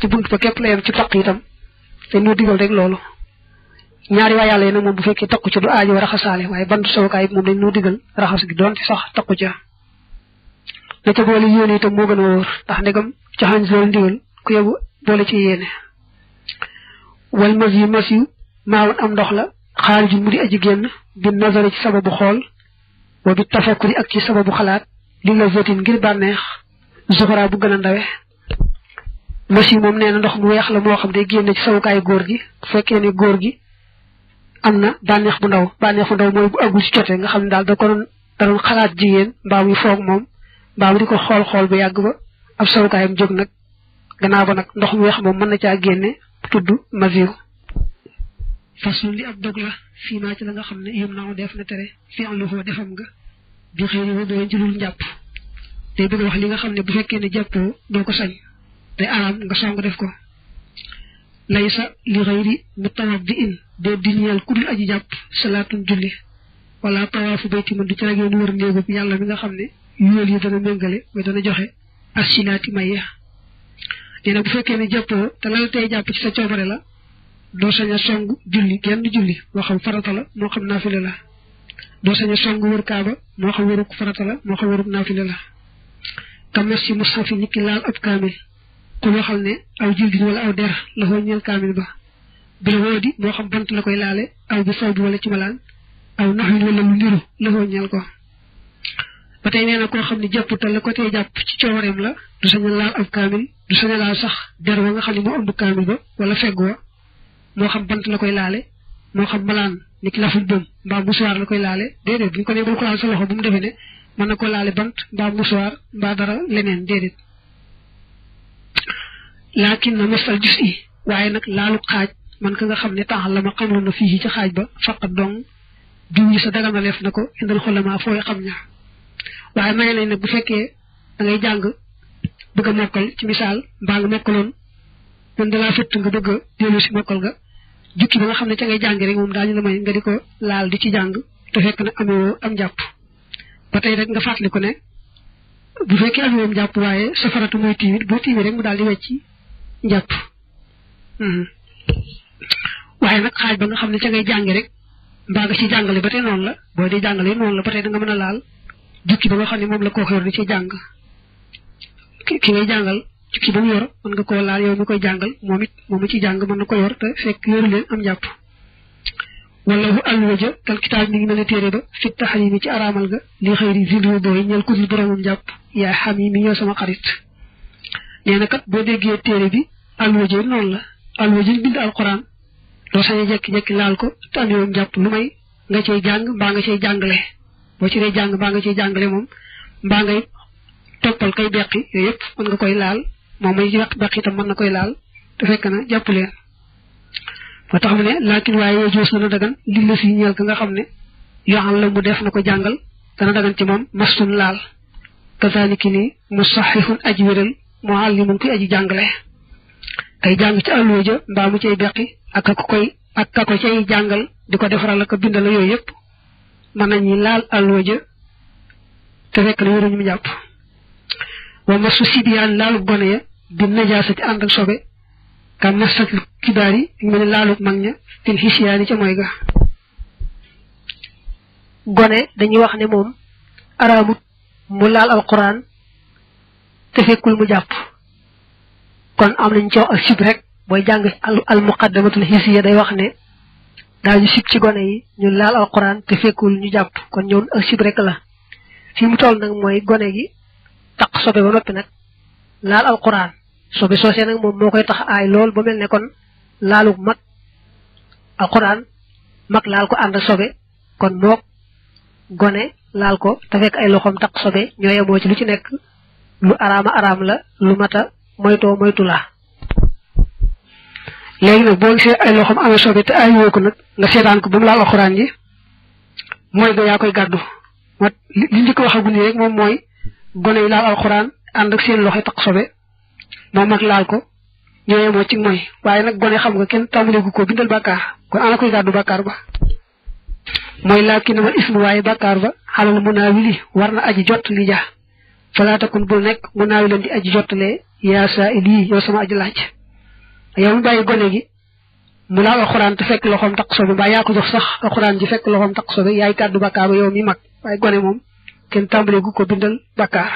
ci bunt ba képp la yem ci taq itam dañ noo digal rek loolu ñaari waa yàlla yi nag moom bu fekkee takku ci du aajo raxasaale waaye bant soo it moom dañ noo digal raxas gi doon ci sax takku ca na ca boole yéene itam moo gën a wóor ndax ndegam ca xañ loolu ku yebu boole ci yéene wal mas yu mas yu am ndox la xaariju mu di aji génn bi nazare ci sababu xool wa bi tafakkuri ak ci sababu xalaat li la votin ngir bànneex zuxara bu gën a ndawe machine moom nee na ndox mu weex la moo xam day génne ci sawukaay góor gi bu fekkee ne góor gi am na bànneex bu ndaw bànneex bu ndaw mooy bu àggul ci jote nga xam ne daal da ko doon da xalaat jigéen mbaa muy foog moom mbaa mu ko xool xool ba yàgg ba ab sawukaayam jóg nag gannaaw ba nag ndox mu weex moom mën na caa génne tudd masiru façon li ab dog la ma maa ci la nga xam ne yëm naaw def na tere fii am lu foo defam nga bi xëy na woo doon ci dul njàpp day bëgg li nga xam ne bu fekkee ne jàppoo doo ko sañ day araam nga sangu def ko laysa li xayri mutawaddiin dee di ñeel ku dul aji jàpp salaatun julli wala tawaafu bayti man du ci ragee wër néegub yàlla mi nga xam ne yool yi dana méngale mooy dana joxe may maye nee na bu fekkee ne jàppoo te la la jàpp ci sa coobare la doo sañ a song julli genn julli moo xam farata la moo xam naafile la doo sañ a song wër kaaba moo xam wëruk farata la moo xam wëruk naafile la kames si mushaf yi nit ki te waxal ne aw jildin wala aw der la xoo ñeel kaamil ba bi woo di moo xam bant la koy laale aw bi saw bi wala ci malaan aw nax win wala lu niru la xoo ko ba tey nee koo xam ne jàpp te la ko tey jàpp ci coowareem la du sañ a laal ab kaamil du sañ a sax der wa nga xam ne moo ëmb kaamil ba wala fegg wa moo xam bant la koy laale moo xam malaan nit laful bëm mbaa musuwaar la koy laale déedéet bu ñu ko nee bul ko laal sa loxo bu mu defee ne mën na ko laale bant mbaa musuwaar mbaa dara leneen déedéet laakin na masal jus waaye nag laalu xaaj man ka nga xam ne taaxal la ma xam xamlu na fii ca xaaj ba faq dong jiw sa daganaleef na ko indal xolama fooy xam ñaar waaye may nañ ne bu fekkee da jàng bëgg a ci misaal mbaa nga mokkaloon man dalaa fëtt nga bëgg a dellu si mokkal nga jukki ba nga xam ne ca ngay jàng rek moom daañu la may nga di ko laal di ci jàng te fekk na ameewoo am jàpp ba tey rek nga ko ne bu fekkee ameewoo am jàpp waaye safaratu mooy tiimit boo tiimit rek mu daal di wecci njàpp hmm. waaye nag xaaj ba nga xam ne ca ngay jàngi rek mbaa nga ci jàngale ba te noonu la boo dee jàngale noonu la ba tey da nga mën a laal jukki ba nga xam ne moom la koo yor di ci jàng ki ngay jàngal jukki ba mu yor mën nga koo laal yow mi koy jàngal moom it moom ci jàng man na ko yor te fekk yoru leen am njàpp wallahu alwaja kal kitaab mi ngi mel ne téere ba fit taxarimi ci araamal ga li xëyri vidéo booy ñel kudul boromam njàpp yaa xam yi mi ñoo sama xarit nee na boo déggee téere bi alwajir noonu la alwajir bind alquran doo sañ a jekki-jekki laal ko te andiwoon njàpp lu may nga cay jàng mbaa nga cay jàngale boo ci jàng mbaa nga cay jàngale moom mbaa ngay toppal kay beqi yooyu yëpp mën nga koy laal moom may beq beq itam mën na koy laal te fekk na jàpp leen moo tax mu ne laakin waaye yoo joos na dagan li la si ñeel ka nga xam ne yoxan la mu def na ko jàngal dana dagan ci moom masun laal kazaliki ni mu saxixun aj wéral mu àllimun kuy aji jàngale kay jàng ci àlluwa ja mbaa mu cay beqi ak ka koy ak ka ko cay jàngal di ko defaral ak bindal yooyu yëpp mën nañu laal àlluwa ja te fekk na yoruñu mu jàpp wa masu sibyaan laalub gone ya bi najaasati ànd ak sobe kam masatu kibaar yi ñu ne laalub mag ña fil xisiyaani ca mooy ga gone dañuy wax ne moom araamut mu laal alquran te fekkul mu jàpp kon am nañ coow ak sib rek booy jàng al muqaddamatul hisiya day wax ne daañu sib ci gone yi ñu laal alquran te fekkul ñu jàpp kon ñëw ak sib rek la fi mu toll nag mooy gone gi taq sobe ba noppi nag laal alquran sobe soosee nag moom moo koy tax aay lool ba mel ne kon laalu mag alquran mag laal ko ànd ak sobe kon mook gone laal ko te fekk ay loxoom taq sobe ñoo yemoo ci lu ci nekk lu araama araam la lu mata moytoo moytu la léegi nag boo gisee ay loxoom amee sobe te ay woo nag nga seetaan ko ba mu laal alxuraan li njëkk waxagu nii moom mooy gone yi laal alxuraan ànd seen loxo taq sobe moom mag laal ko ñooyee moo ci mooy waaye nag gone xam nga kenn tàmbaleegu ko bindal bàkkaar kon ana koy gàddu bàkkaar ba mooy laakin ma ismu waaye bàkkaar ba xalal mun naa wili war na aji jot li ja falaatakun bul nekk mu naawi leen di aji jottale yaa saa ili yow sama aji laaj yow mu bàyyi gone gi mu laal loxoom takk sobe yaa ko jox sax alxuraan ji fekk loxoom takk sobe yaay kàddu bàkkaar ba yow mi mag waaye gone moom kenn tàmbalee gu ko bindal bàkkaar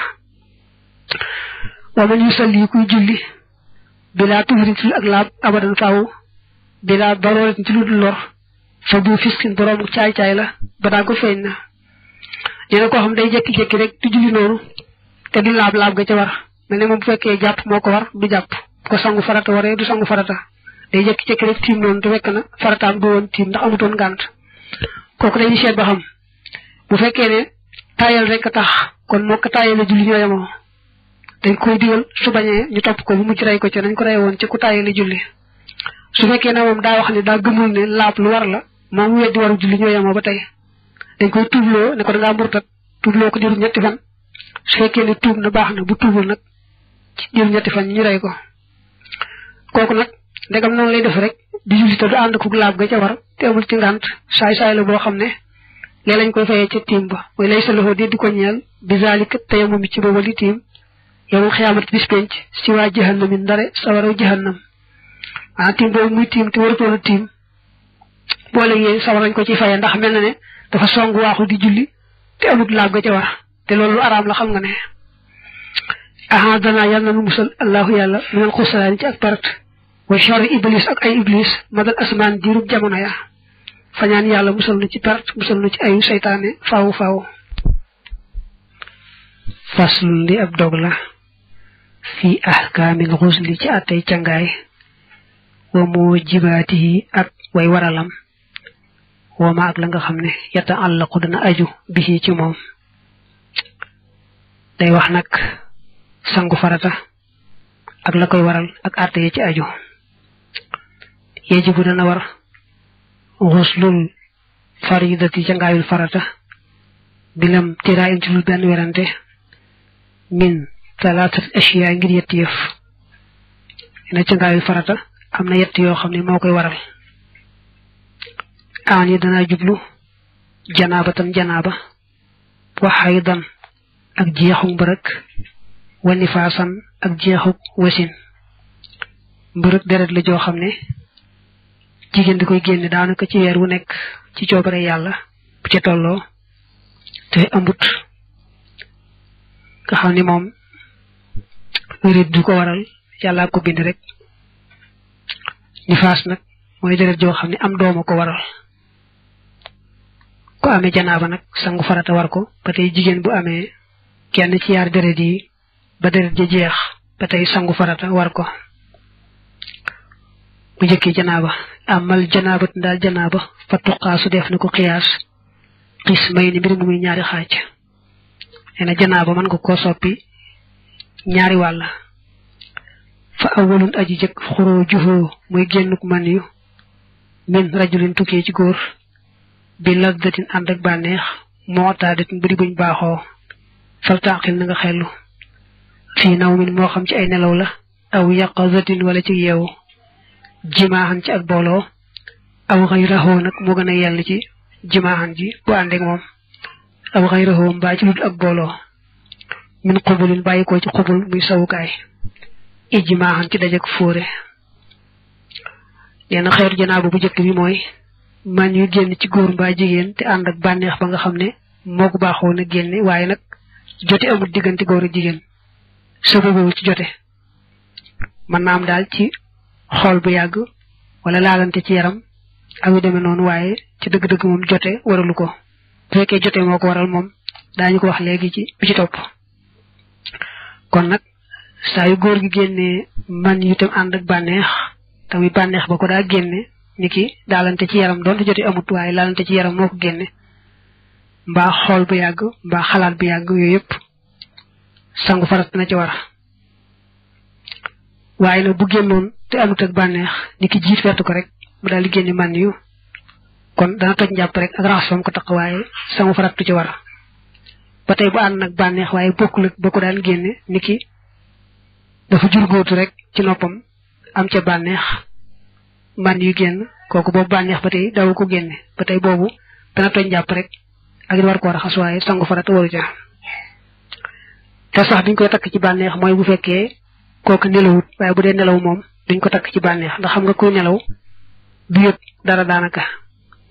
wa man yusalli kuy julli bilaa tuhrin ci ak laab abadan faaw bilaa daroorit ci lu dul lor fa bu fiskin borom caay-caay la ba daa ko feeñ na ñene koo xam day jekki-jekki rek di julli noonu te du laab laab ga ca war mel moom bu fekkee jàpp moo ko war du jàpp ko sangu farata waree du sangu farata day jëkki jëkki rek tiim noonu te fekk na farataam du woon tiim ndax amutoon gànt kooku dañuy ba xam bu fekkee ne taayal rek tax kon moo ko taayal a julli ñoo yemoo dañ koy digal su bañee ñu topp ko bu mujj rey ko ci nañ ko rey woon ci ku taayal a julli su fekkee ne moom daa wax ne daa gëmul ne laab lu war la moom weddi waru julli ñoo yemoo ba tey dañ koy tuubloo ne ko dangaa murtat tuubloo ko diiru ñetti fan su fekkee ne tuub na baax na bu tuubul nag ci juróom-ñetti fan ñu rey ko kooku nag ndegam na lay def rek di julli te du ànd ko laab ga ca war te amul ci ngànt saay-saay la boo xam ne lee lañ koy fayee ca tiim ba mooy lay sa loxo di di ko ñeel bi zaalika tayamu mi ci booba li tiim yowul xiyaamati bis penc si waa jahannam yi ndare sawara jahannam ah tiim boobu a tiim boole ko ci faye ndax mel na ne dafa song waaxu di julli te amul laab ga ca war te loolu araam la xam nga ne ahadana yàlla na nu musal allahu yàlla minal xusalaani ci ak perte wa charri iblis ak ay iblis madal asmaan diirub jamono ya fañaan yàlla musal na ci perte musal na ci ayu seytaane faaw faaw faslun li ab dog la fii ahkaamil xusli ci àttey cangaay wa moo jibaatihi ak way waralam woo ma ak la nga xam ne yata àllaqu dana aju bi ci moom day wax nag sangu farata ak la koy waral ak àtte yi ci aju yajibu dana war xuslul faridati cangaayul farata bilam tiraa in ci lu benn werante min talaatat asiyaa ngir yetti yëf na cangaayul farata am na yett yoo xam ne moo koy waral aan yi danaa jublu janaabatan janaaba wa xaydan ak jeexuk mbërëg wa nifaasan ak jeexuk wasin mbërëg deret la joo xam ne jigéen di koy génne daanaka ci weer bu nekk ci coobare yàlla bu ca tolloo te ambut nga xam ne moom wérit du ko waral yàllaa ko bind rek nifaas nag mooy deret joo xam ne am dooma ko waral ko amee janaaba nag sangu farata war ko ba tey jigéen bu amee kenn ci yaar deret yi ba deret ji jeex ba tey sangu farata war ko bu njëkki janaaba amal janaaba ndaal janaaba fa tuqaasu def na ko xiyaas xis may ni mbir mu muy ñaari xaaj nee na janaaba mën nga koo soppi ñaari wàll fa awalun aji jëkk xuroo juhoo muy génnuk man yu min rajulin tukkee ci góor bi lazzatin ànd ak bànneex moo taa datin bari buñ baaxoo fal taqil na nga xellu fii naw min moo xam ci ay nelaw la aw yaqazatin walla ci yeewu jimaaxan ci ak booloo aw xayrahoo nag moo gën a yell ci jimaaxan ji bu àndeek moom aw xayrahoo mbaa ci ludul ak booloo min xubulin bàyyi ci xubul muy sawukaay ijimaaxan ci dajek fóore nee na xeetu janaabu bu jëkk bi mooy man yu génn ci góor mbaa jigéen te ànd ak bànneex ba nga xam ne moo ko baaxoo na génne waaye nag jote amul diggante góor a jigéen sababawul ci jote mën naa daal ci xool bu yàgg wala laalante ci yaram ak yu demee noonu waaye ci dëgg-dëgg moom jote waralu ko bu fekkee jote moo ko waral moom daañu ko wax léegi ci bi ci topp kon nag saa yu góor gi génnee man yu tam ànd ak bànneex tamit bànneex ba ko daa génne ni ki daalante ci yaram doonte jote amut waaye laalante ci yaram moo ko génne mbaa xool bu yàgg mbaa xalaat bu yàgg yooyu yëpp sangu farat na ci war waaye nag bu génnoon te amut ak bànneex ni ki jiit wetu ko rek mu daal di génne mànn yu kon dana toj njàpp rek ak raxas ko taq waaye sangu farat du ci war ba tey bu ànd nag bànneex waaye bokk ak ba ko daan génne ni ki dafa jurgóotu rek ci noppam am ca bànneex mànn yu génn kooku boobu bànneex ba tey daw ko génne ba tey boobu dana toj njàpp rek ak it war koo raxas waaye sangu farata waru ja te sax biñ koy takk ci bànneex mooy bu fekkee kooku nelawut waaye bu dee nelaw moom duñ ko takk ci bànneex ndax xam nga kuy nelaw du yëg dara daanaka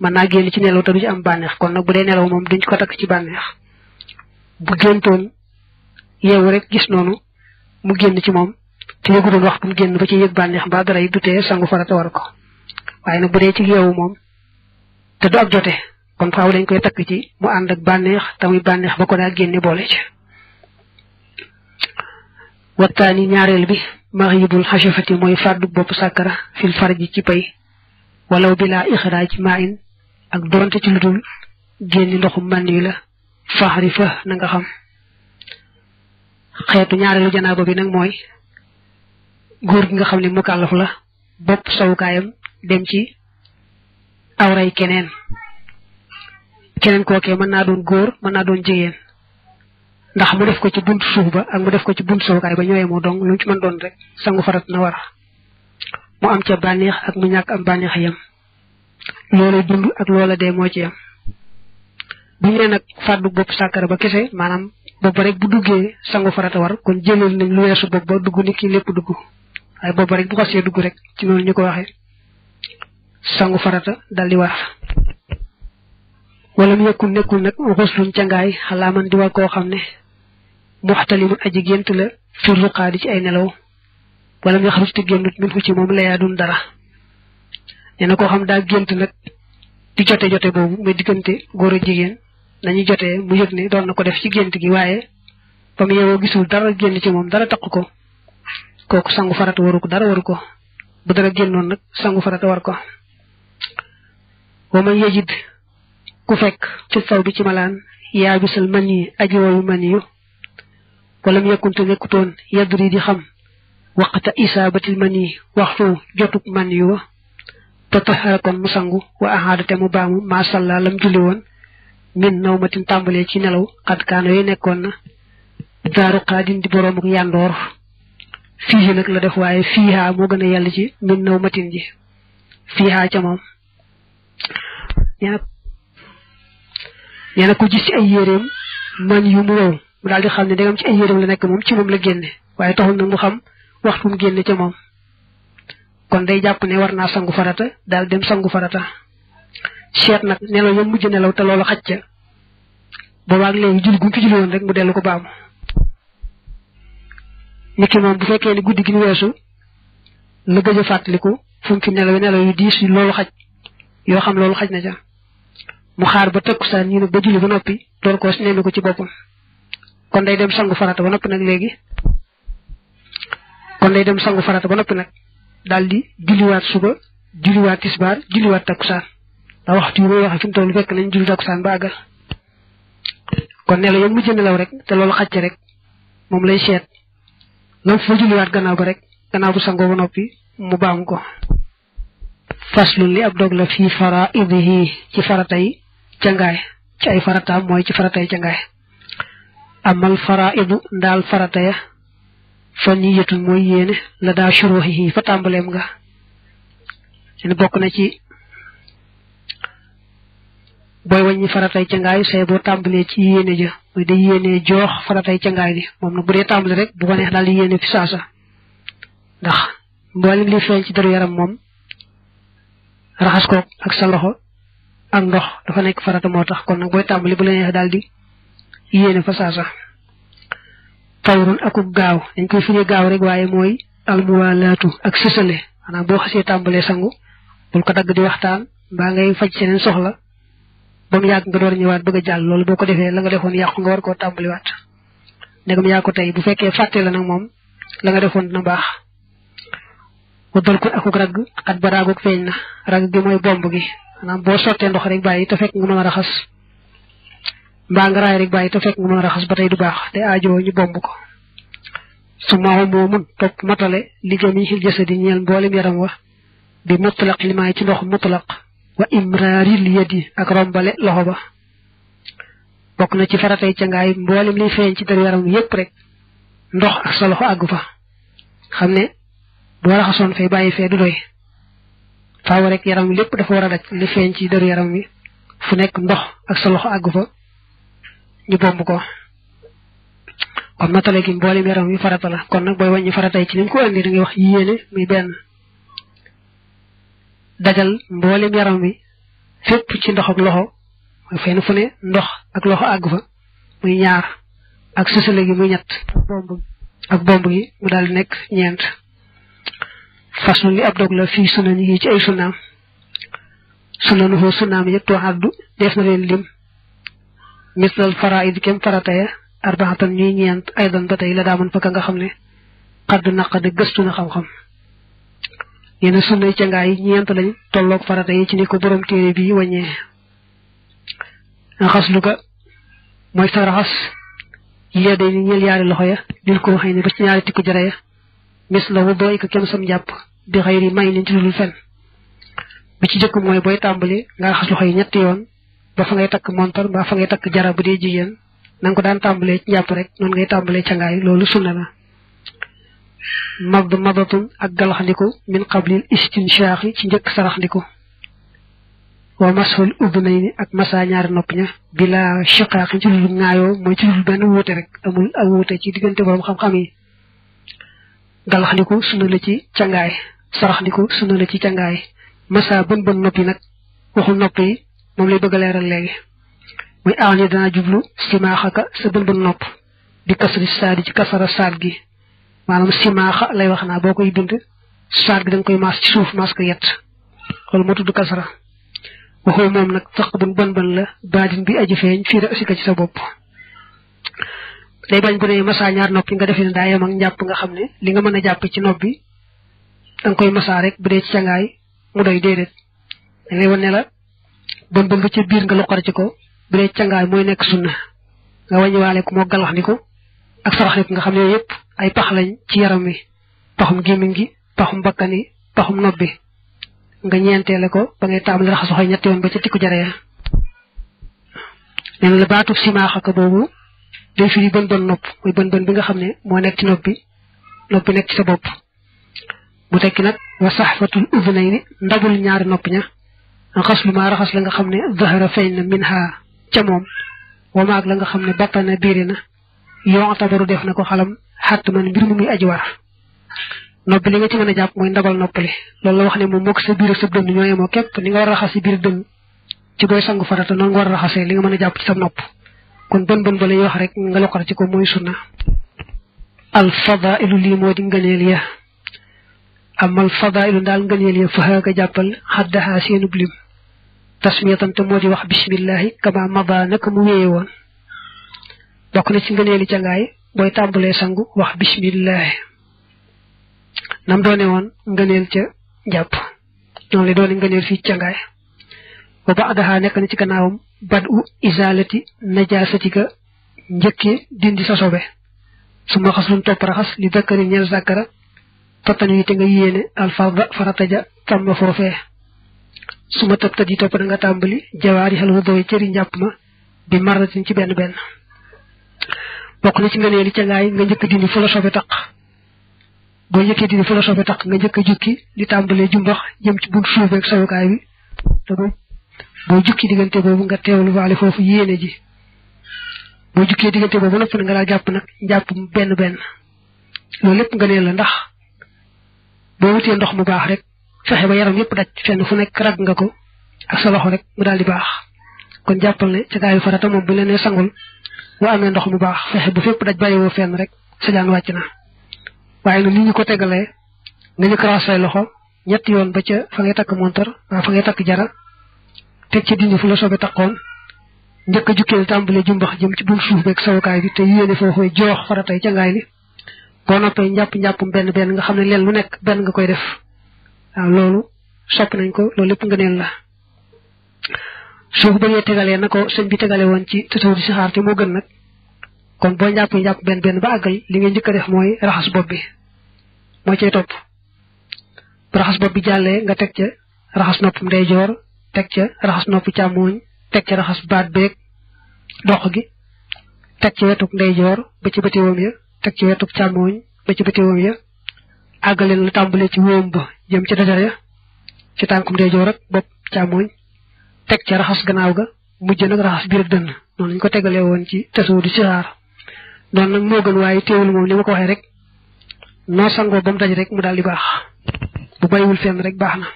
mën naa génn ci nelaw te du am bànneex kon nag bu dee nelaw moom duñ ko takk ci bànneex bu géntoon yeewu rek gis noonu mu génn ci moom te yëgutoon waxtu mu génn ba ci yëg bànneex mbaa dara yi du tee sangu farata war ko waaye nag bu dee ci yeewu moom te du ab kon faaw dañ koy takk ci mu ànd ak bànneex tamuy bànneex ba ko daa génne boole ci waxtaani ñaareel bi maxibul xasafati mooy fàddu bopp sàkkara fil farji ci pay walaw bilaa ci maa in ak doonte ci lu dul génni ndoxu mànd wi la faxri fa na nga xam xeetu ñaareelu janaaba bi nag mooy góor gi nga xam ne mukallaf la bopp sawukaayam dem ci awray keneen keneen kookee mën naa doon góor mën naa doon jigéen ndax mu def ko ci bunt suuf ba ak mu def ko ci soo sowukaay ba ñëwee moo dong lu mu ci mën doon rek sangu farat na war mu am ca bànneex ak mu ñàkk am bànneex yam loola dund ak loola dee moo ci yam bu ñu nee nag fàddu bopp sàkkara ba kese maanaam booba rek bu duggee sangu farata war kon jëlal nañ lu weesu bopp ba dugg ni kii lépp dugg waaye booba rek bu xasee dugg rek ci noonu ñu ko waxee sangu farata dal di war wala mu yëkkul nekkul nag xuslun cangaay xalaa man di war koo xam ne muxtalimun aji gént la fi ruqaadi ci ay nelaw wala mu yaxruj te génnut min ci moom layaadun dara nee na koo xam daa gént nag di jote jote boobu muy diggante góor a jigéen nañu jotee mu yëg ne doon na ko def ci gént gi waaye ba mu yeewoo gisul dara génn ci moom dara taq ko kooku sangu farat waru ko dara waru ko bu dara génnoon nag sangu farata war ko wa man yajid ku fekk ci saw bi ci malaan yaa bisal man yi aji woyu man yu walam yekkunte nekkutoon yadri di xam waqta isaabatil man yi waxtu jotug man yu wa te taxara kon mu sangu wa ahaadate mu baamu masalla lam julli woon min nawmatin tàmbalee ci nelaw xat kaano yi nekkoon na daaru xaadin di boroom ak yàndoor fii la def waaye fiihaa moo gën a yàlla ci min nawmatin ji fiihaa ca moom nee na ku ci ay yéreem mañ yu mu wow mu daal di xam ne dangam ci ay yéreem la nekk moom ci moom la génne waaye taxul nag mu xam waxtu mu génne ca moom kon day jàpp ne war naa sangu farata daal dem sangu farata seet nag nelaw yam mujj nelaw te loolu xaj ca boobaag léegi jul gu mu ci jul rek mu dellu ko baamu niki moom bu fekkee ne guddi gi ñu weesu la gëj a fàttaliku fu mu fi nelaw nelaw yu diis loolu xaj yoo xam loolu xaj na ca mu xaar ba takkusaan ñu ne ba julli ba noppi door ko nemmi ko ci boppam kon day dem sangu farata ba noppi nag léegi kon day dem sangu farata ba noppi nag daal di julliwaat suba julliwaat tisbaar julliwaat takkusaan ndax waxtu yi may waxe fi mu toll fekk nañ julli takkusaan ba kon nelaw yam mujj nelaw rek te loolu xàcce rek moom lay seet lam fa julliwaat gannaaw ba rek gannaaw bu sangoo ba noppi mu baamu ko faslun li ab dog la fii faraidihi ci farata yi cangaay ci ay farataam mooy ci faratay cangaay amal faraidu ndaal farataya fa niyatun mooy yéene la daa shuruhi fa tàmbaleem nga seen bokk na ci booy wàññi faratay cangaay say boo tàmbalee ci yéene ja mooy day yéene joox faratay cangaay gi moom nag bu dee rek bu ko neex daal di yéene fi saasa ndax mboolem li feeñ ci deru yaram moom raxas ko ak sa loxo ak ndox dafa nekk farata moo tax kon nag booy tàmbali bu la neex daal di yéene fa saasa tawrun akuk gaaw dañ koy firi gaaw rek waaye mooy almuwalaatu ak sësale maanaam boo xasee tàmbalee sangu bul ko dagg di waxtaan mbaa ngay faj seneen soxla ba yàgg nga door ñëwaat bëgg a jàll loolu boo ko defee la nga defoon yàqu nga war koo tàmbaliwaat ndegam yaa ko tey bu fekkee fàtte la nag moom la nga defoon dina baax wa dal ko akuk ragg at ba raaguk feeñ na ragg gi mooy bomb gi maanaam boo sottee ndox rek bàyyi te fekk nga mën a raxas mbaa nga rek bàyyi te fekk nga raxas ba tey du baax te aajo ñu bomb ko su maaw moo mun topp matale liggéey mi xil jasadi ñeel mboolem yaram wa bi mutlaq li ci ndox mutlaq wa imraaril yadi ak rombale loxo ba bokk na ci faratay cangaay mboolem liy feeñ ci der yaram yépp rek ndox ak sa loxo àggu fa xam ne boo raxasoon fay bàyyi fee du doy faaw rek yaram wi lépp dafa war a daj li feeñ ci dëru yaram wi fu nekk ndox ak sa loxo àggu fa ñu bomb ko kon matale gi mboolem yaram wi farata la kon nag booy wàññi faratay ci ni mu ko andi da ngay wax yéene muy benn dajal mboolem yaram wi fépp ci ndox ak loxo mooy fenn fu ne ndox ak loxo àggu fa muy ñaar ak sësale gi muy ñett bomb ak bomb gi mu daal di nekk ñeent façon li ab dog la fii sunan yi ci ay sunaam sunanu hoo sunaam yëpp too àddu def na leen lim misal faraid kem farataya arbaxatan ñuy ñeent aydan ba tey la daamoon fa ka nga xam ne xadd naqade gëstu na xam-xam yenn sunna yi ñeent lañ tolloog farata yi ci ni ko borom téere bi wàññee raxas lu mooy sa raxas yi day ñeel yaari loxo ya dil ko waxee ni ba ci ñaari tikku jara ya mis na wu booy ko kem sam njàpp bi xëyri may liñ ci dul fen bi ci jëkk mooy booy tàmbali nga raxas loxo yi ñetti yoon ba fa ngay takk montar ba fa takk jara bu dee jigéen na nga ko daan tàmbalee ci njàpp rek noonu ngay tàmbalee cangaay loolu sunna la mab mabatun ak galaxndiku min qablil istinshaaxi ci njëkk saraxndiku wa masful ubnayni ak masa ñaari nopp ña bila shiqaaqi ci dul ŋaayoo mooy ci benn wuute rek amul ak wuute ci diggante borom xam-xam yi ko sunna la ci cangaay saraxndiku sunna la ci cangaay massa bën bën nopp yi nag waxu nopp moom lay bëgg a leeral léegi muy aar ni danaa jublu simaaxaka sa bën bën nopp di kasri ci kasara saad gi maanaam simaaxa lay wax naa boo koy bind saad gi da koy maas ci suuf maas ko yett loolu moo tudd kasara waxoo moom nag faq bun bën bën la baa baadin bi aji feeñ fii ra si ka ci sa bopp day bañ bu dee masaa ñaar noppi nga defee ne daa yem ak njàpp nga xam ne li nga mën a jàpp ci nopp bi da nga koy masaa rek bu dee ci cangaay mu doy déedéet da wan ne la bon bon ba ci biir nga loqar ci ko bu dee cangaay mooy nekk sunna nga wàññiwaale ko moo galax ni ko ak sarax nit nga xam ne yooyu yëpp ay pax lañ ci yaram wi paxum gémmiñ gi paxum bakkan yi paxum nopp bi nga ñeenteele ko ba ngay tàmbali raxasu xoy ñetti yoon ba ca tikku jaree nee day firi bën bën nopp muy bën bi nga xam ne moo nekk ci nopp bi nopp bi nekk ci sa bopp bu tekki nag wa saxfatul udnayni ndabul ñaari nopp ña xas lu maa raxas la nga xam ne zahara feeñ na min ha ca moom wamaag la nga xam ne battana biiri na yoon tabaru def na ko xalam xàtt man mbir mu muy aji war nopp li nga ci mën a jàpp mooy ndabal noppali loolu wax ne moom mook sa biir ak sa dënn ñooyemoo képp a raxas si biir dënn ci booy sangu farata noonu nga war li nga mën a jàpp ci sa nopp kon bën bën ba lay wax rek nga loqar ko mooy sunna al fadailu lii moo di ngëneel ya am al fadailu daal ngëneel ya faxaaga jàppal xaddaxaa seenub lim tasmiyatan te moo di wax bismillahi kama mada naka mu wéye woon bokk na ci ngëneeli cangaay booy tàmbalee sangu wax bismillahi nam doone woon ngëneel ca jàpp noonu la doone ngëneel fii cangaay ba ba'daha nekk na ci gannaawam badu isaalati najaasatika njëkk dindi sa sobe su ma xasul topp raxas li dakkari ñeel sàkkara tattan wi te nga yéene alfarda farata ja tàmm foofee su ma tëb tëb yi topp nga tàmbali jawaar yi xel doy cëri njàpp ma bi marratin ci benn benn bokk na ci nga li ca nga njëkk dindi fu la sobe taq boo njëkkee dindi fu takk nga njëkk a jukki li tàmbalee jumbax jëm ci bunt suufeeg sowukaay bi te boo jukki diggante boobu nga teewlu waale foofu yéene ji boo jukkee diggante boobu nopp nga laa jàpp nag jàpp benn benn loolu lépp nga ne la ndax boo wutee ndox mu baax rek fexe ba yaram yëpp daj fenn fu nekk rag nga ko ak sa loxo rek mu daal di baax kon jàppal ne ca gaayu farata moom bu la sangul boo amee ndox mu baax fexe bu fépp daj bàyyiwoo fenn rek sa jaan wàcc na waaye nag ni ñu ko tegalee nga ñu croisé say loxo ñetti yoon ba ca fa ngay takk montor waa ah, fa takk jara teg ci dindi fu la sobe taqoon njëkk a jukkeel tàmbale jumbax jëm ci buum suuf beeg sowukaay bi te yéene foofee joox faratay ca ngaay li boo noppee njàpp njàppum benn benn nga xam ne leen lu nekk benn nga koy def waaw nañ ko lépp nga neen la soo tegalee na ko sëñ bi tegale woon ci tëtaw di si xaar te moo gën nag kon njàpp benn benn ba àggal li nga njëkk def mooy raxas bopp bi moo cay topp ba raxas bopp bi jàllee nga teg ca raxas noppam ndeyjoor teg ca raxas noppi càmmooñ teg ca raxas baat beeg dox gi teg ci wetuk ndeyjoor ba ci bëti woom ya teg ci wetuk càmmooñ ba ci bëti woom ya àggaleen lu tàmbalee ci wóom ba jëm ci dajar ya ci tànkum ndeyjoor ak bopp càmmooñ teg ca raxas gannaaw ga mujj nag raxas biir ak dënn noonu lañ ko tegalee woon ci tasoo du sixaar doon nag moo gën waaye teewul moom ni ma ko waxee rek noo sangoo ba mu daj rek mu daal di baax bu bàyyiwul fenn rek baax na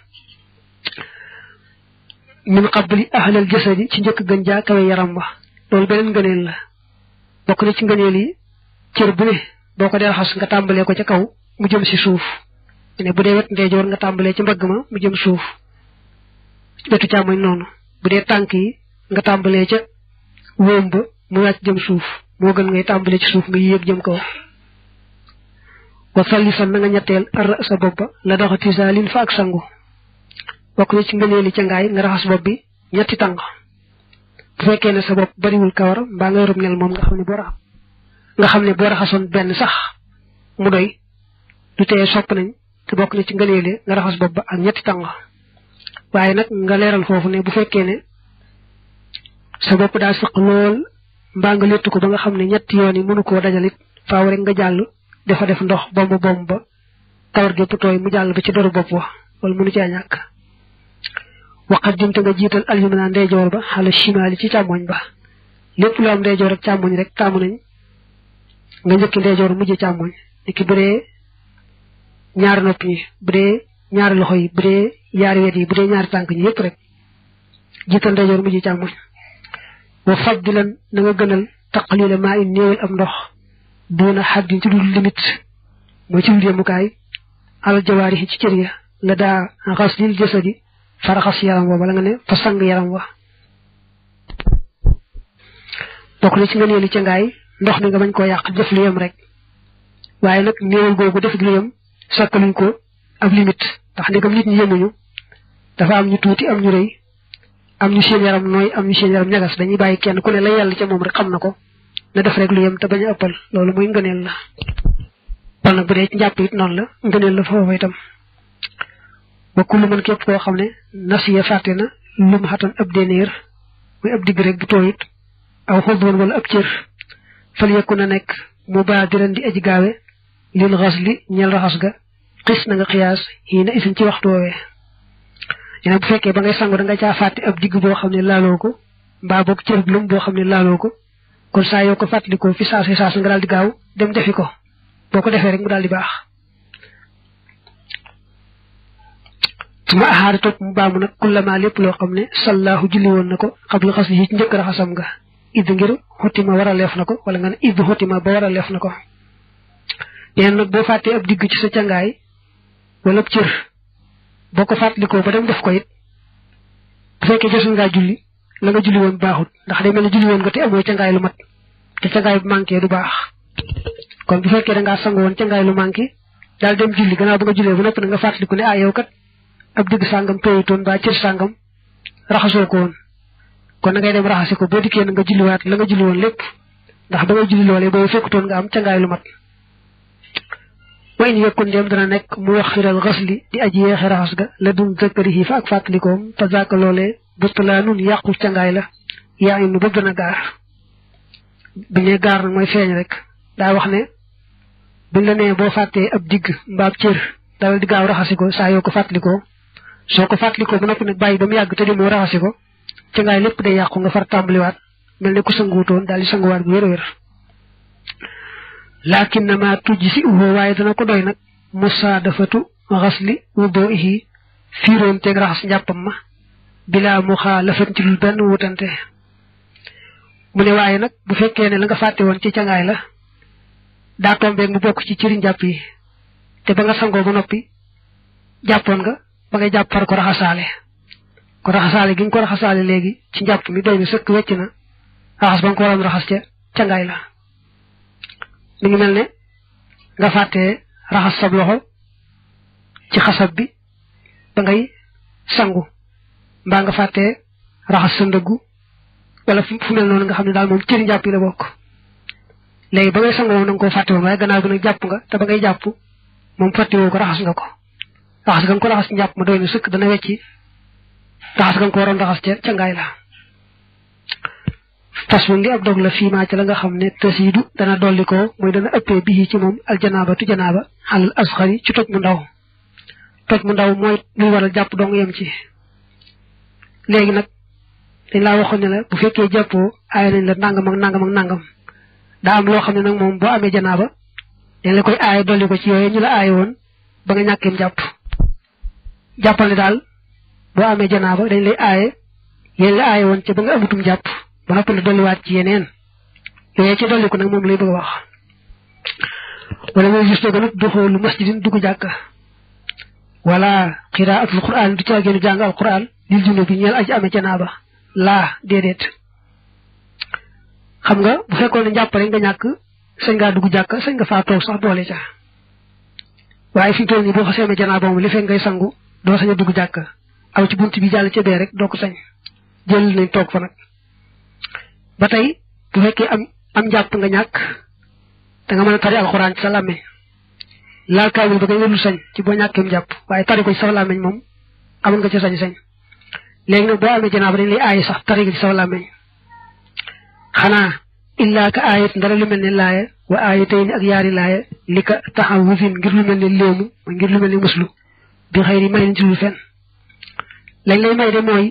min a ahlal jasadi ci njëkk gën jaa kawe yaram wa loolu beneen ngëneel la bokk na ci ngëneel yi cër bu ne boo ko dee raxas nga tàmbalee ko ca kaw mu jëm si suuf ne bu de wet ndeejoor nga tàmbalee ci mbagg ma mu jëm suuf wetu càmmoñ noonu bu dee tànk yi nga tàmbalee ca wóom mu wàcc jëm suuf moo gën ngay tàmbalee ci suuf nga yéeg jëm kaw wa sallisan na nga ñetteel ar sa bopp la doxati saalin fa ak sangu bokk na ci ngëneeli ca ngaay nga raxas bopp bi ñetti tànk bu fekkee ne sa bopp bariwul kawar mbaa nga yorum ñel moom nga xam ne boo raxasoon benn sax mu doy du tee sopp nañ te bokk na ci ngëneeli nga raxas bopp ba ak ñetti tànk waaye nag nga leeral foofu ne bu fekkee ne sa bopp daa sëq lool mbaa nga léttu ko ba nga xam ne ñetti yoon yi mënu koo dajalit faaw rek nga jàll dafa def ndox bomb bomb ba kawar gépp tooy mu jàll ba ci doru bopp wa wala mënu caa ñàkk waqaddimte nga jiital aljumna ndeyjoor ba xala chimaali ci càmmoñ ba lépp lu am ndeyjoor ak càmmoñ rek taamu nañ nga njëkki ndeyjoor mujj càmmoñ niki bu dee ñaar nopp yi dee ñaari loxo yi bu dee ñaar wet yi dee ñaari tànk yi yëpp rek jiital ndeyjoor mujj càmmoñ wa faddilan na nga gënal taqalila maa in néewal am dox doona xaddin ci dul limite mooy ci dul yemukaay al jawaari ci cër la daa xas lil jasadi faraxas yaram wa wala nga ne fa sang yaram wa bokk na ci nga neeli ca ngaay ndox mi nga bañ koo yàq def lu yem rek waaye nag néewal googu def lu yem sàkkaluñ ko ab limite ndax ndegam nit ñi yemuñu dafa am ñu tuuti am ñu rëy am ñu seen yaram nooy am ñu seen yaram ñagas dañuy bàyyi kenn ku ne la yàlla ca moom rek xam na ko na def rek lu yem te bañ a ëppal mooy ngëneel la kon nag bu dee ci njàpp it noonu la ngëneel la foofa itam wa kullu man képp koo xam ne nasiya fàtte na lum xatan ab déneer muy ab digg rek bu tooyut aw xudwoon wala ab cër fal yekku na nekk mu baadiran di aji gaawe lil xas li ñel raxas ga xis na nga xiyaas yii na isin ci waxtu woowee yene bu fekkee ba ngay sangu da nga caa fàtte ab digg boo xam ne laaloo ko mbaa boog cër lum boo xam ne laaloo ko kon saa yoo ko fàttalikoo fi saasi saas nga daal di gaaw dem defi ko boo ko defee rek mu daal di baax suma axaari topp mu baamu nag kullama lépp loo xam ne sallaahu julli woon na ko xabla xas yi ci njëkk raxasam nga idd ngir xotima war a leef na ko wala nga ne idd xotima ba war a leef na ko leen nag boo fàttee ab digg ci sa cangaay wala ab cër boo ko fàttalikoo ba dem def ko it bu fekkee jotoon ngaa julli la nga julli woon baaxut ndax day mel ne julli woon nga te amoo lu mat te cangaay bu manqué du baax kon bu fekkee da ngaa sangu woon cangaay lu manqué daal dem julli gannaaw na nga ne ah yow kat ab digg sàngam péyitoon mbaa cër sàngam raxasoo ko woon kon na ngay dem raxasi ko boo dikkee na nga julliwaat la nga julli woon lépp ndax ba ngay julli loolee boobu fekkutoon nga am cangaay lu mat way ni yëkkun dem dana nekk mu wax xiral xasli di aji yeexe raxas ga la dun zëkkëri yi fa ak fàttalikoom fa zaka loolee buttalaa nun yàqu cangaay la yaa inu boobu dana gaar bi ne gaar nag mooy feeñ rek daa wax ne bi la nee boo fàttee ab digg mbaab cër dawal di gaaw raxasi ko saa yoo ko fàttalikoo soo ko fàttalikoo ba noppi nag bàyyi ba mu yàgg te demoo raxasi ko ci ngaay lépp day yàqu nga far tàmbaliwaat mel ne ku sanguwutoon daal di sanguwaat bu wér-wér laakin na maa tujj si waaye dana ko doy nag musaadafatu xasli wudoo ihi fiiroon teeg raxas njàppam ma bilaa mu xaalafatin ci lu benn wutante mu ne waaye nag bu fekkee ne la nga fàtte woon ci cangaay la daa tombeeg mu bokk ci cëriñ jàpp yi te ba nga sangoo ba noppi jàppoon ba ngay jàpp far ko raxasaale ko raxasaale gi nga ko raxasaale léegi ci njàpp mi doy na sëkk wecc na raxas ba nga ko waroon raxas ca ca ngaay la mi ngi mel ne nga fàttee raxas sab loxo ci xasab bi ba ngay sangu mbaa nga fàttee raxas sa ndëggu wala fu mel noonu nga xam ne daal moom cëri njàpp yi la bokk léegi ba ngay sangu moom da nga koo fàtte woon waaye gannaaw gi nag jàpp nga te ba ngay jàpp moom fàttewoo ko raxas nga ko raxas ga ko raxas jàpp ma doy na sëkk dana wecci raxas ga nga ko waroon raxas ca la tas mu ab dog la fiimaa ca la nga xam ne tasiidu dana dolli ko mooy dana ëppee bii ci moom aljanaabatu janaaba xalal asxari ci toj mu ndaw toj mu ndaw mooy luy waral jàpp dong yem ci léegi nag dañ laa waxoon ne la bu fekkee jàppoo aaya nañ la nangam nangam ak nangam daa am loo xam ne nag moom bo amee janaaba dañ la koy aaya ko ci yooyu ñu la aaya woon ba nga ñàkkeem jàpp jàppal daal boo amee janaaba dañ lay aaye yéen la aaye woon ca ba nga amatum jàpp ba noppi dolliwaat ci yeneen yooyu ci dolli ko nag moom lay bëgg a wax wala ngay gis nag duxoolu masjidin dugg jàkka wala xiraatul quraan du caa génn jàng al quraan lil junne bi ñeel aji janaaba laa déedéet xam nga bu fekkoon ne njàppale nga ñàkk sañ ngaa dugg jàkka sañ nga faa toog sax boole ca waaye fi mu toll nii boo xasee amee janaaba moom li fekk ngay sangu doo sañ a dugg jàkka aw ci bunt bi jàll ca bee rek doo ko sañ jël nañ toog fa ba tey bu fekkee am am jàpp nga ñàkk da nga mën a tari alxuraan ci sa làmmiñ laal kaamil ba ngay wérlu sañ ci boo ñàkkeem jàpp waaye tari ko ci sa làmmiñ moom amoon ga ci sañ-sañ léegi nag boo amee janaaba dañ lay aayi sax tari nga ci sa làmmiñ xanaa illaa ka aayat ndara lu mel ne laaya wa aayatayni ak yaari laaya li ka taxaw wufin ngir lu mel ne léemu ngir lu mel ne muslu bi xëy na may leen jiwu fenn lañ may de mooy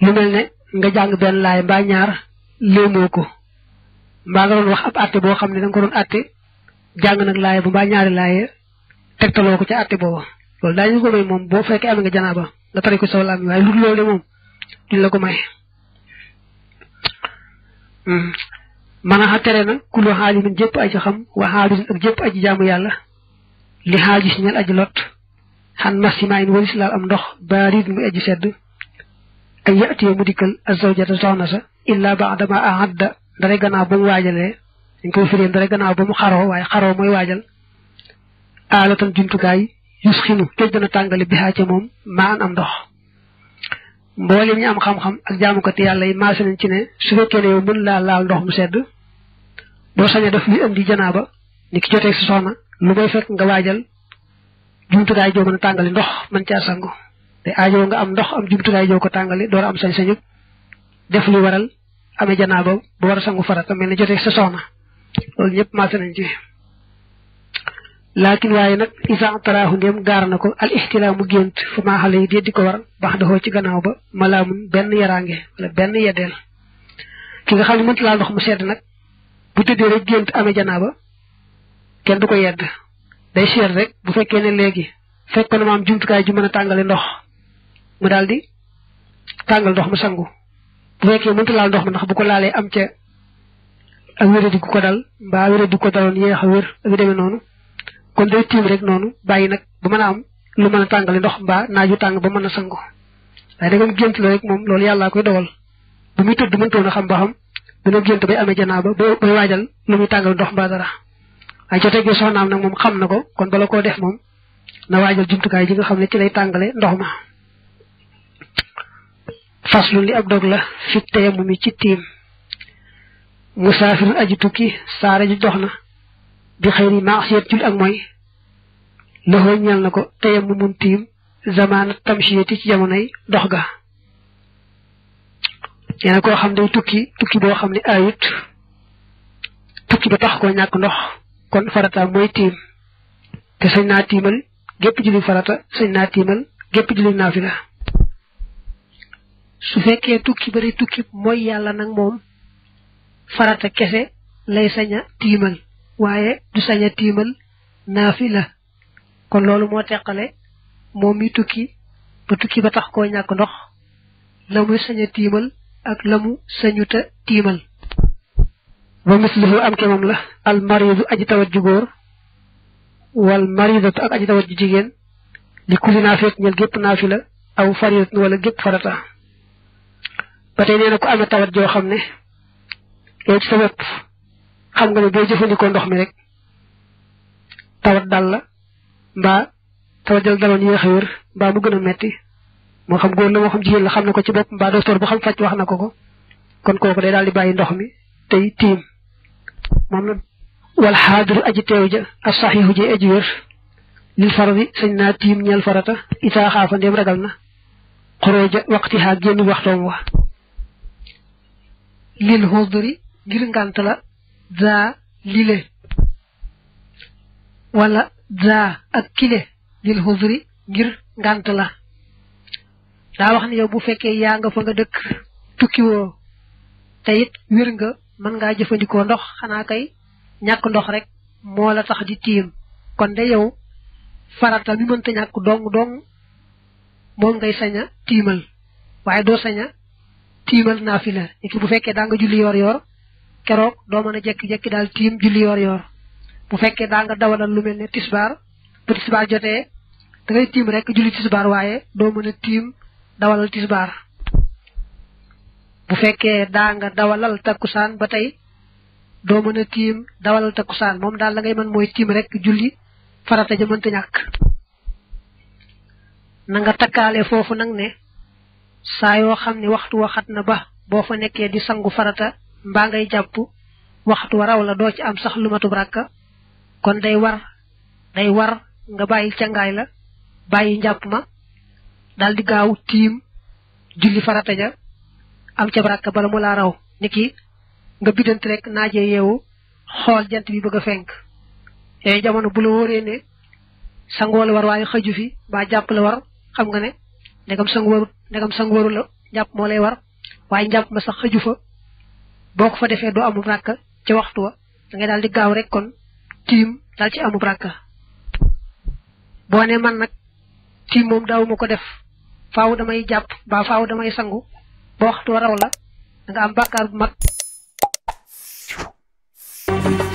lu mel ne nga jàng benn laay mbaa ñaar léemoo ko mbaa nga doon wax ab àtte boo xam ne da nga ko doon àtte jàng nag laay bu mbaa ñaari laay tegtaloo ko ca àtte booba loolu daañu ko may moom boo fekkee am nga janaaba nga tari ko soxla am waaye lu loolu moom duñ la ko may. Hmm. man a tere na ku loo xaaju ñun jëpp aji xam waa xaaju ak jëpp aji jaamu yàlla li xaaju si ñel aji lot. xan mas si maayin walis laal am ndox baarid muy aji sedd ay yatiye mu dikkal azawjata soxna sa illaa baadama ahadda ndare gannaaw ba mu waajalee dañ koy firee ndare gannaaw ba mu xaroo waaye xaroo mooy waajal aalatan jumtukaay yusxinu joj dana tàngale bihaa ca moom maa am ndox mboolem ñi am xam-xam ak jaamukati yàlla yi maase nañ ci ne su fekkee ne yow mën laa laal ndox mu sedd boo sañee daf luy indi janaaba ni ki jotee si soxna lu may fekk nga waajal jumtukaay joo mën a tàngale ndox mën caa sangu te aajoo nga am ndox am jumtukaay joo ko tàngale door a am sañ-sañu def li waral amee janaaba bu war a sangu fara mel ne jotee sa soxna loolu ñëpp maase nañ ci laakin waaye nag isa taraahu na ko al ixtilaa mu gént fu maaxale yi di ko war bax daxoo ci gannaaw ba malaamun benn yaraange wala benn yeddeel ki nga xam ne mënta laa ndox mu sedd nag bu tëddee rek gént amee janaaba kenn du ko yedd day seet rek bu fekkee ne léegi fekkoon na ma jumtukaay ju mën a tàngale ndox mu daal di tàngal ndox mu sangu bu fekkee mënta laal ndox ma ndax bu ko laalee am ca ak wéradi gu ko dal mbaa wéradi gu ko daloon yéex a wér ak demee noonu kon day tiim rek noonu bàyyi nag ba mën a am lu mën a tàngale ndox mbaa naaju tàng ba mën a sangu waaye da nga gént la rek moom loolu yàllaa koy dogal bu muy tëdd mëntoon a xam ba xam dina gént bay amee janaaba bay waajal lu muy tàngal ndox mbaa dara ay jote gi soxnaam nag moom xam na ko kon bala koo def moom na waajal jumtukaay ji nga xam ne ci lay tàngale ndox ma faslu li ab dog la fi tayammum mi ci tiim musaafir aji tukki saara ji dox na bi xëyri maasiyat jul ak mooy loxoo ñal na ko tayammumun tiim zamaan tamsiyati ci jamonoy dox ga yeena koo xam ne tukki tukki boo xam ne ayut tukki ba tax koo ñàkk ndox kon farataam mooy tiim te sañ naa tiimal naa tiimal gépp tukki ba di tukki mooy yàlla nag moom farata kese lay sañ a tiimal waaye du sañ a tiimal naafila kon loolu moo teqale moom mi tukki ba tukki ba tax koo ñàkk ndox la muy sañ ak lamu mu sañuta tiimal wa mislihu am ke moom la al maridu aji tawat ju góor wal maridatu ak aji tawat ju jigéen li kulli naafeet ñel gépp la aw faridatun wala gépp farata ba tey nee ko am amee tawat joo xam ne yow ci sa bopp xam nga ne boo jëfandikoo ndox mi rek tawat dal la mbaa tawat jël daloon yéex a mbaa mu gën a metti moo xam góor la moo xam jigéen la xam na ko ci bopp mbaa docteur bu xam faj wax na ko ko kon kooku day daal di bàyyi ndox mi tey tiim moom la wal xaadiru aji teew ja ak saxiixu ji aji wér lil fardi sañ naa tiim ñeel farata itaa xaafa ndéem ragal na xorooja waxti xaa génn waxtoom wa lil xudri ngir ngànt la za lile wala za ak kile lil xudri ngir ngànt la daa wax ne yow bu fekkee yaa nga fa nga dëkk tukki woo te it nga mën ngaa jëfandikoo ndox xanaa kay ñàkk ndox rek moo la tax di tiim kon de yow farata mi mënta ñàkk dong dong moom ngay sañ a tiimal waaye doo sañ a tiimal naafila niki bu fekkee daa nga julli yoor yoor keroog doo mën a jekki-jekki daal tiim julli yoor yoor bu fekkee daa nga dawalal lu mel ne tisbaar bu tisbaar jotee da ngay tiim rek julli tisbaar waaye doo mën a tiim dawalal tisbaar bu fekkee daa nga dawalal takkusaan ba tey doo mën a tiim dawalal takkusaan moom daal la ngay mën mooy tiim rek julli farata ja mënta ñàkk na nga takkaale foofu nag ne saa yoo xam ne waxtu wa xat na ba boo fa nekkee di sangu farata mbaa ngay jàpp waxtu wa raw la doo ci am sax lumatu matub kon day war day war nga bàyyi cangaay la bàyyi njàpp ma daal di gaaw tiim julli farata ja am cab rakk bala mu laa raw ni ki nga biddanti rek naajee yeewu xool jant bi bëgg fenk yooyu jamono bu la wóoree ne sangoo la war waaye xëju fi ba jàpp la war xam nga ne ndegam sang warut ndegam sang waru la jàpp moo lay war waaye njàpp ma sax xëju fa boo ko fa defee doo amub rakk waxtu wa da ngay daal di gaaw rek kon tiim daal ci amub rakk man nag tiim moom daawuma ko def faaw damay jàpp ba faaw damay sangu ba waxtu raw la nga am bàkkaar bu mag